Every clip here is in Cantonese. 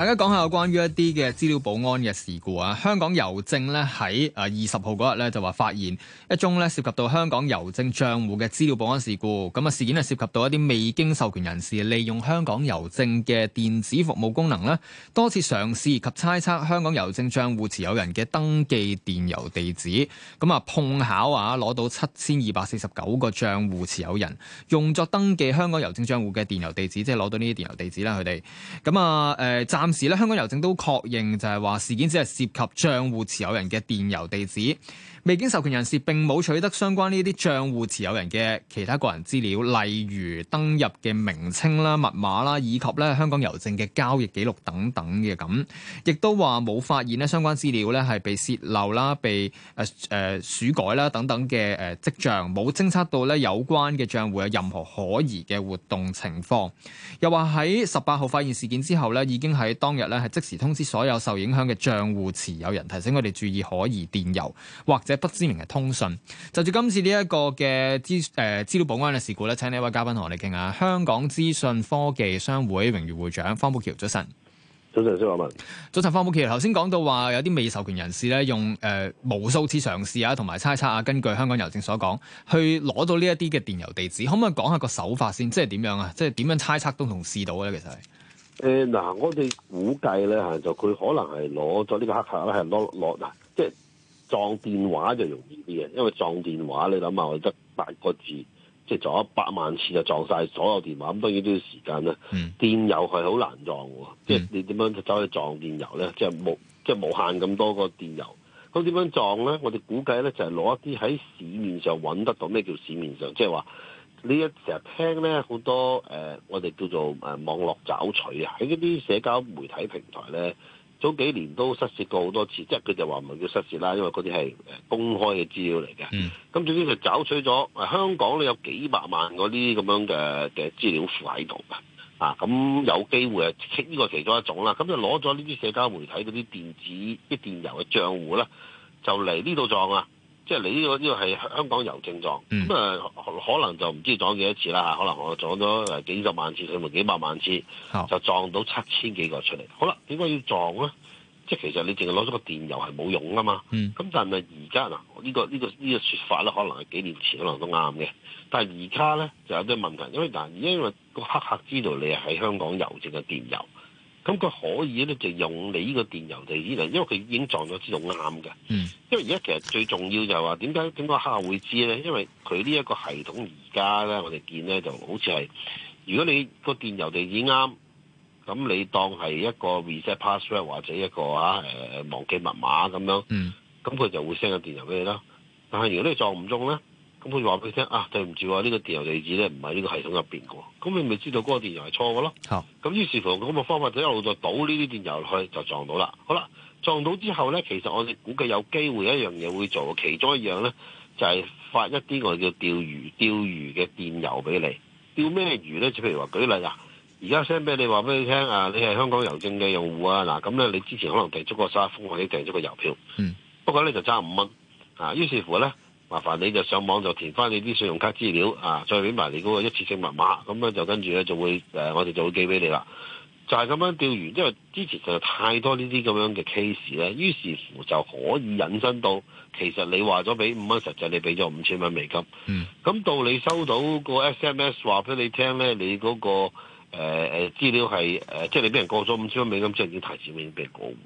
大家講下有關於一啲嘅資料保安嘅事故啊！香港郵政呢，喺誒二十號嗰日呢，就話發現一宗呢涉及到香港郵政賬戶嘅資料保安事故。咁啊事件呢涉及到一啲未經授權人士利用香港郵政嘅電子服務功能呢，多次嘗試及猜測香港郵政賬戶持有人嘅登記電郵地址。咁啊碰巧啊攞到七千二百四十九個賬戶持有人用作登記香港郵政賬戶嘅電郵地址，即係攞到呢啲電郵地址啦，佢哋。咁啊誒暫當時咧，香港郵政都確認就，就係話事件只係涉及帳戶持有人嘅電郵地址。未經授權人士並冇取得相關呢啲帳戶持有人嘅其他個人資料，例如登入嘅名稱啦、密碼啦，以及咧香港郵政嘅交易記錄等等嘅咁，亦都話冇發現咧相關資料咧係被洩漏啦、被誒誒署改啦等等嘅誒跡象，冇偵測到咧有關嘅帳戶有任何可疑嘅活動情況。又話喺十八號發現事件之後咧，已經喺當日咧係即時通知所有受影響嘅帳戶持有人，提醒佢哋注意可疑電郵或者不知名嘅通訊，就住今次呢一個嘅資誒資料保安嘅事故咧，請呢一位嘉賓同我哋傾下。香港資訊科技商會榮譽會長方保僑，早晨。早晨，蘇華文。早晨，方保僑。頭先講到話有啲未授權人士咧，用、呃、誒無數次嘗試啊，同埋猜測啊，根據香港郵政所講，去攞到呢一啲嘅電郵地址，可唔可以講下個手法先？即係點樣啊？即係點樣猜測都同試到咧？其實係嗱，我哋估計咧就佢可能係攞咗呢個黑客咧，係攞攞。撞電話就容易啲嘅，因為撞電話你諗下，我得八個字，即係撞一百萬次就撞晒所有電話，咁當然都要時間啦。Mm. 電郵係好難撞嘅，mm. 即係你點樣走去撞電郵咧？即係無即係無限咁多個電郵，咁點樣撞咧？我哋估計咧就係、是、攞一啲喺市面上揾得到，咩叫市面上，即係話呢，一成日聽咧好多誒、呃，我哋叫做誒網絡找取啊，喺嗰啲社交媒體平台咧。早幾年都失泄過好多次，即係佢就話唔係叫失泄啦，因為嗰啲係誒公開嘅資料嚟嘅。咁、嗯、總之就找取咗，香港咧有幾百萬嗰啲咁樣嘅嘅資料庫喺度嘅。啊，咁有機會係呢、呢個其中一種啦。咁就攞咗呢啲社交媒體嗰啲電子啲電郵嘅帳戶啦，就嚟呢度撞啊！即係你呢個呢個係香港郵政撞咁啊，嗯、可能就唔知撞幾多次啦嚇，可能我撞咗幾十萬次，甚至幾百萬次，好就撞到七千幾個出嚟。好啦，點解要撞咧？即係其實你淨係攞咗個電郵係冇用噶嘛。咁、嗯、但係而家嗱，呢、呢個呢、呢個呢、呢個説法咧，可能係幾年前可能都啱嘅，但係而家咧就有啲問題，因為嗱，因為個黑客知道你係香港郵政嘅電郵。咁佢可以咧，就用你呢個電郵地址嚟，因為佢已經撞咗知道啱嘅。嗯、因為而家其實最重要就係話點解點解黑客會知咧？因為佢呢一個系統而家咧，我哋見咧就好似係，如果你個電郵地址啱，咁、嗯、你當係一個 reset password 或者一個嚇誒、呃、忘記密碼咁樣，咁佢、嗯、就會 send 個電郵俾你啦。但係如果你撞唔中咧？咁佢話俾你聽啊，對唔住喎，呢、這個電郵地址咧唔喺呢個系統入邊個，咁你咪知道嗰個電郵係錯嘅咯。咁於好是乎咁嘅方法就一路在倒呢啲電郵落去，就撞到啦。好啦，撞到之後咧，其實我哋估計有機會一樣嘢會做，其中一樣咧就係、是、發一啲我哋叫釣魚釣魚嘅電郵俾你。釣咩魚咧？就譬如話舉例嗱，而家 send 俾你話俾你聽啊，你係香港郵政嘅用戶啊，嗱咁咧你之前可能訂咗個沙封或者訂咗個郵票，嗯、不過咧就爭五蚊啊，於是乎咧。麻煩你就上網就填翻你啲信用卡資料啊，再俾埋你嗰個一次性密碼，咁咧就跟住咧就會誒、呃、我哋就會寄俾你啦。就係、是、咁樣掉完，因為之前實在太多呢啲咁樣嘅 case 咧，於是乎就可以引申到其實你話咗俾五蚊，實際你俾咗五千蚊美金。嗯。咁到你收到個 SMS 話俾你聽咧，你嗰、那個誒誒資料係誒、呃，即係你俾人過咗五千蚊美金，即係要提錢，要俾人過喎。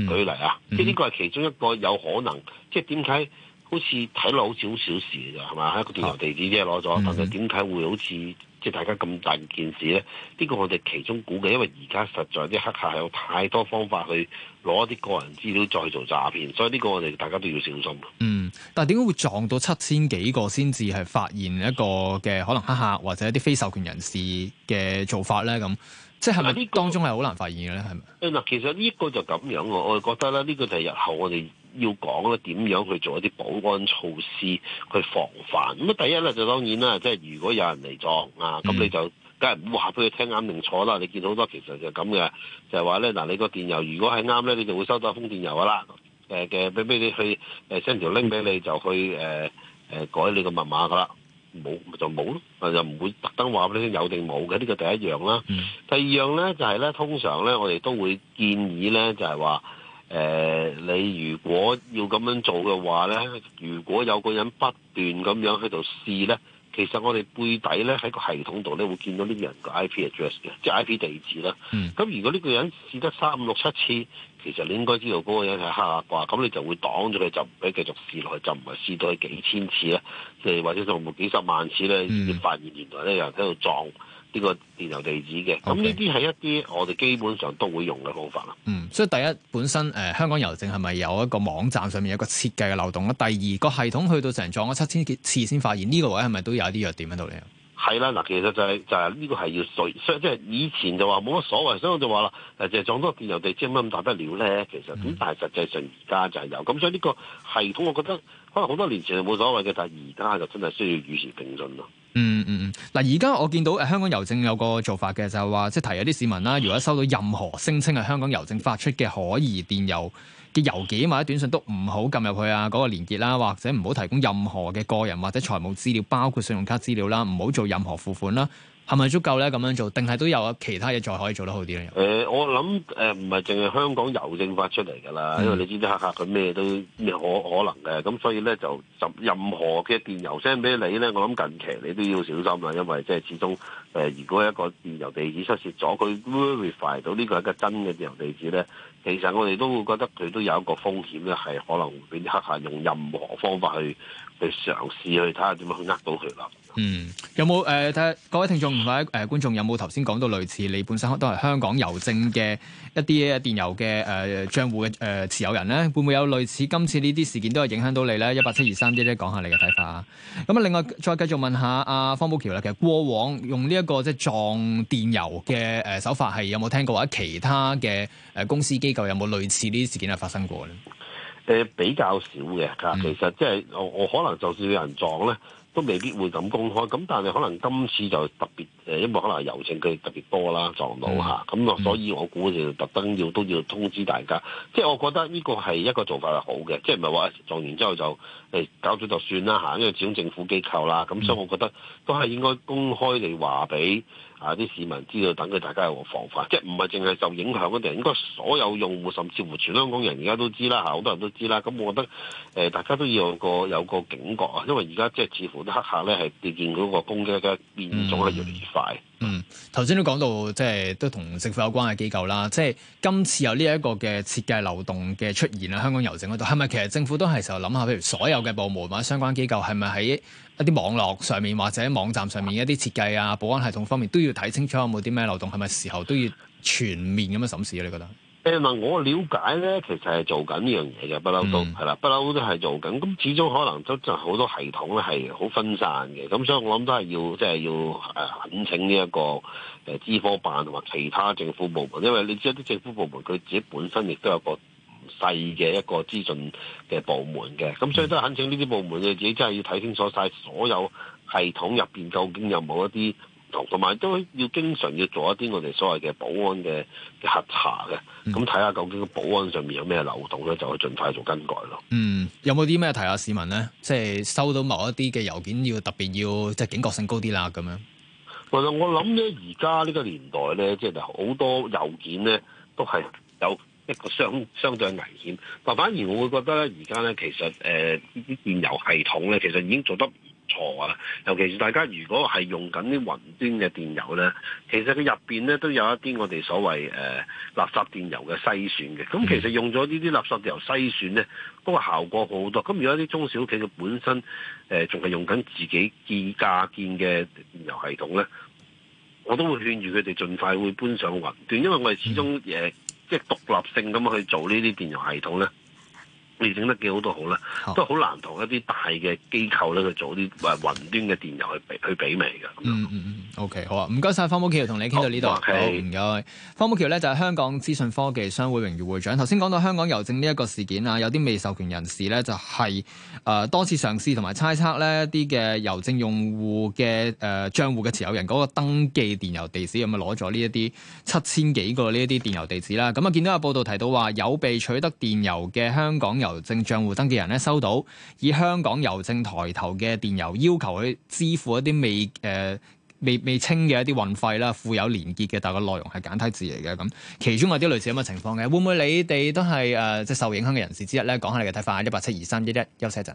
舉例啊，即係呢個係其中一個有可能，即係點解。好似睇落好似好小事嘅啫，係咪？一個電郵地址啫，攞咗，嗯，但係點解會好似即係大家咁大件事咧？呢個我哋其中估計，因為而家實在啲黑客係有太多方法去攞一啲個人資料再做詐騙，所以呢個我哋大家都要小心。嗯，但係點解會撞到七千幾個先至係發現一個嘅可能黑客或者一啲非授權人士嘅做法咧？咁即係咪當中係好難發現嘅咧？係咪、呢個？嗱嗎，其實呢個就咁樣喎，我覺得咧，呢個就係日後我哋。要講咧，點樣去做一啲保安措施去防範？咁啊，第一咧就當然啦，即係如果有人嚟撞啊，咁、嗯、你就梗係唔話俾佢聽啱定錯啦。你見到好多其實就咁嘅，就係話咧嗱，你個電郵如果係啱咧，你就會收到封電郵噶啦。誒嘅俾俾你去誒 send 條 link 俾、嗯、你，就去誒誒改你個密碼噶啦。冇就冇咯，又唔會特登話俾你聽有定冇嘅。呢個第一樣啦。嗯、第二樣咧就係、是、咧，通常咧我哋都會建議咧就係話。誒、呃，你如果要咁樣做嘅話咧，如果有個人不斷咁樣喺度試咧，其實我哋背底咧喺個系統度咧會見到呢個人個 IP address 嘅，即、就、係、是、IP 地址啦。咁、嗯、如果呢個人試得三五六七次，其實你應該知道嗰個人係黑客，咁你就會擋住佢，就唔俾繼續試落去，就唔係試到幾千次咧，即誒或者甚至幾十萬次咧，你發現原來咧有人喺度撞。呢個電郵地址嘅，咁呢啲係一啲我哋基本上都會用嘅方法啦。嗯，所以第一本身誒、呃、香港郵政係咪有一個網站上面有一個設計嘅漏洞咧？第二、呢個系統去到成撞咗七千幾次先發現，呢、呢個位係咪都有一啲弱點喺度咧？係啦，嗱，其實就係、是、就係、是、呢、就是呢個係要所以即係以前就話冇乜所謂，所以我就話啦，誒就係撞多個電郵地址有乜咁大得了咧？其實咁，嗯、但係實際上而家就係有，咁所以呢個系統，我覺得可能好多年前就冇所謂嘅，但係而家就真係需要與時並進咯。嗯嗯嗯，嗱而家我見到誒香港郵政有個做法嘅，就係話即係提有啲市民啦，如果收到任何聲稱係香港郵政發出嘅可疑電郵嘅郵件或者短信，都唔好撳入去啊嗰個連結啦，或者唔好提供任何嘅個人或者財務資料，包括信用卡資料啦，唔好做任何付款啦。係咪足夠咧咁樣做？定係都有其他嘢再可以做得好啲咧？誒、呃，我諗誒，唔係淨係香港郵政發出嚟㗎啦，嗯、因為你知知黑客佢咩都咩可可能嘅，咁、嗯、所以咧就任何嘅電郵 send 俾你咧，我諗近期你都要小心啦，因為即係始終誒、呃，如果一個電郵地址出事咗，佢 verify 到呢個一個真嘅電郵地址咧，其實我哋都會覺得佢都有一個風險咧，係可能會俾啲黑客用任何方法去。去嘗試去睇下點樣去呃到佢咯。嗯，有冇誒？睇、呃、下各位聽眾同埋誒觀眾有冇頭先講到類似？你本身都係香港郵政嘅一啲電郵嘅誒賬戶嘅誒、呃、持有人咧，會唔會有類似今次呢啲事件都係影響到你咧？1, 一八七二三，一啲講下你嘅睇法。咁啊，另外再繼續問下阿、啊、方保僑啦。其實過往用呢、這、一個即係撞電郵嘅誒手法係有冇聽過？或者其他嘅誒、呃、公司機構有冇類似呢啲事件係發生過咧？誒比較少嘅嚇，其實即係我我可能就算有人撞咧，都未必會咁公開。咁但係可能今次就特別誒，因為可能郵政佢特別多啦撞到嚇，咁啊，所以我估就特登要都要通知大家。即係我覺得呢個係一個做法係好嘅，即係唔係話撞完之後就誒搞咗就算啦嚇，因為始終政府機構啦，咁所以我覺得都係應該公開嚟話俾。啊！啲市民知道，等佢大家有個防範，即係唔係淨係受影響嗰啲人，應該所有用戶，甚至乎全香港人而家都知啦，嚇好多人都知啦。咁、嗯、我覺得誒、呃，大家都要有個有個警覺啊，因為而家即係似乎一刻下啲黑客咧係見見嗰個攻擊嘅變咗，係越嚟越快。嗯，頭、嗯、先都講到即係都同政府有關嘅機構啦，即係今次有呢一個嘅設計漏洞嘅出現啊，香港郵政嗰度係咪其實政府都係時候諗下，譬如所有嘅部門或者相關機構係咪喺？是一啲網絡上面或者網站上面一啲設計啊，保安系統方面都要睇清楚有冇啲咩漏洞，係咪時候都要全面咁樣審視啊？你覺得？誒、嗯，嗱我了解咧，其實係做緊呢樣嘢嘅，不嬲都係啦，不嬲都係做緊。咁始終可能都就好多系統咧係好分散嘅，咁所以我諗都係要即係、就是、要誒，懇請呢一個誒資科辦同埋其他政府部門，因為你知一啲政府部門佢自己本身亦都有個。細嘅一個資訊嘅部門嘅，咁所以都係懇請呢啲部門嘅自己真係要睇清楚晒所有系統入邊究竟有冇一啲漏洞，同埋都要經常要做一啲我哋所謂嘅保安嘅核查嘅，咁睇下究竟個保安上面有咩漏洞咧，就會盡快做更改咯。嗯，有冇啲咩提下市民咧？即係收到某一啲嘅郵件，要特別要即係、就是、警覺性高啲啦，咁樣。其實我諗咧，而家呢個年代咧，即係好多郵件咧都係有。一個相相對危險，但反而我會覺得咧，而家咧其實呢啲，呃、電郵系統咧，其實已經做得唔錯啊！尤其是大家如果係用緊啲雲端嘅電郵咧，其實佢入邊咧都有一啲我哋所謂誒，呃、垃圾電郵嘅篩選嘅。咁其實用咗呢啲垃圾電郵篩選咧，嗰個效果好多。咁如果一啲中小企佢本身誒仲係用緊自己自家建嘅電郵系統咧，我都會勸住佢哋盡快會搬上雲端，因為我哋始終嘢。呃即係獨立性咁去做呢啲電腦系統咧。你整得幾好都好啦，都好難同一啲大嘅機構咧去做啲誒雲端嘅電郵去去比味嘅、嗯。嗯嗯嗯，OK 好啊，唔該晒。方保僑，同你傾到呢度，唔該。方保僑咧就係、是、香港資訊科技商會榮譽會長。頭先講到香港郵政呢一個事件啊，有啲未授權人士咧就係、是、誒、呃、多次嘗試同埋猜測呢一啲嘅郵政用戶嘅誒、呃、帳戶嘅持有人嗰個登記電郵地址，咁啊攞咗呢一啲七千幾個呢一啲電郵地址啦。咁啊見到有報道提到話有被取得電郵嘅香港郵。郵政賬戶登記人咧收到以香港郵政抬頭嘅電郵，要求佢支付一啲未誒、呃、未未清嘅一啲運費啦，附有連結嘅，但係個內容係簡體字嚟嘅。咁其中有啲類似咁嘅情況嘅，會唔會你哋都係誒、呃、即係受影響嘅人士之一咧？講下你嘅睇法。一八七二三一一，休息一陣。